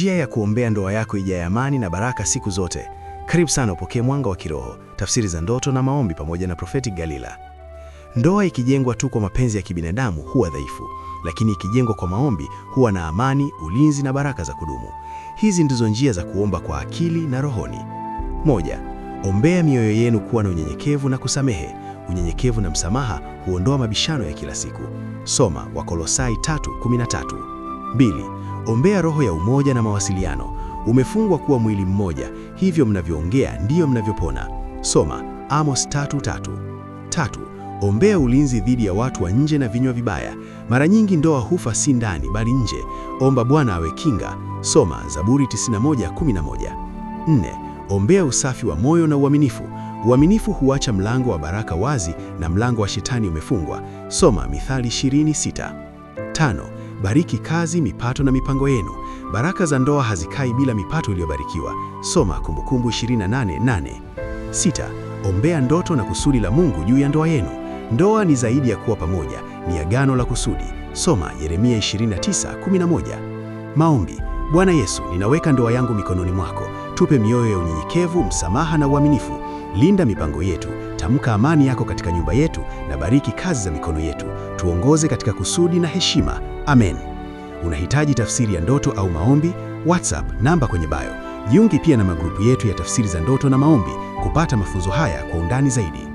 njia ya kuombea ndoa yako ijae amani na baraka siku zote. Karibu sana upokee mwanga wa kiroho, tafsiri za ndoto na maombi pamoja na Prophetic Galila. Ndoa ikijengwa tu kwa mapenzi ya kibinadamu huwa dhaifu, lakini ikijengwa kwa maombi huwa na amani, ulinzi na baraka za kudumu. Hizi ndizo njia za kuomba kwa akili na rohoni. Moja, ombea mioyo yenu kuwa na unyenyekevu na kusamehe. Unyenyekevu na msamaha huondoa mabishano ya kila siku. Soma Wakolosai 3:13. Mbili, Ombea roho ya umoja na mawasiliano. Umefungwa kuwa mwili mmoja, hivyo mnavyoongea ndiyo mnavyopona. Soma Amos tatu tatu. Tatu, ombea ulinzi dhidi ya watu wa nje na vinywa vibaya. Mara nyingi ndoa hufa si ndani bali nje. Omba Bwana awe kinga. Soma Zaburi 91:11. Nne, ombea usafi wa moyo na uaminifu. Uaminifu huacha mlango wa baraka wazi na mlango wa shetani umefungwa. Soma Mithali 26. Tano, Bariki kazi, mipato na mipango yenu. Baraka za ndoa hazikai bila mipato iliyobarikiwa. Soma Kumbukumbu 28:8. Sita, ombea ndoto na kusudi la Mungu juu ya ndoa yenu. Ndoa ni zaidi ya kuwa pamoja, ni agano la kusudi. Soma Yeremia 29:11. Maombi. Bwana Yesu, ninaweka ndoa yangu mikononi mwako. Tupe mioyo ya unyenyekevu, msamaha na uaminifu. Linda mipango yetu. Tamka amani yako katika nyumba yetu na bariki kazi za mikono yetu. Tuongoze katika kusudi na heshima. Amen. Unahitaji tafsiri ya ndoto au maombi? WhatsApp namba kwenye bio. Jiunge pia na magrupu yetu ya tafsiri za ndoto na maombi kupata mafunzo haya kwa undani zaidi.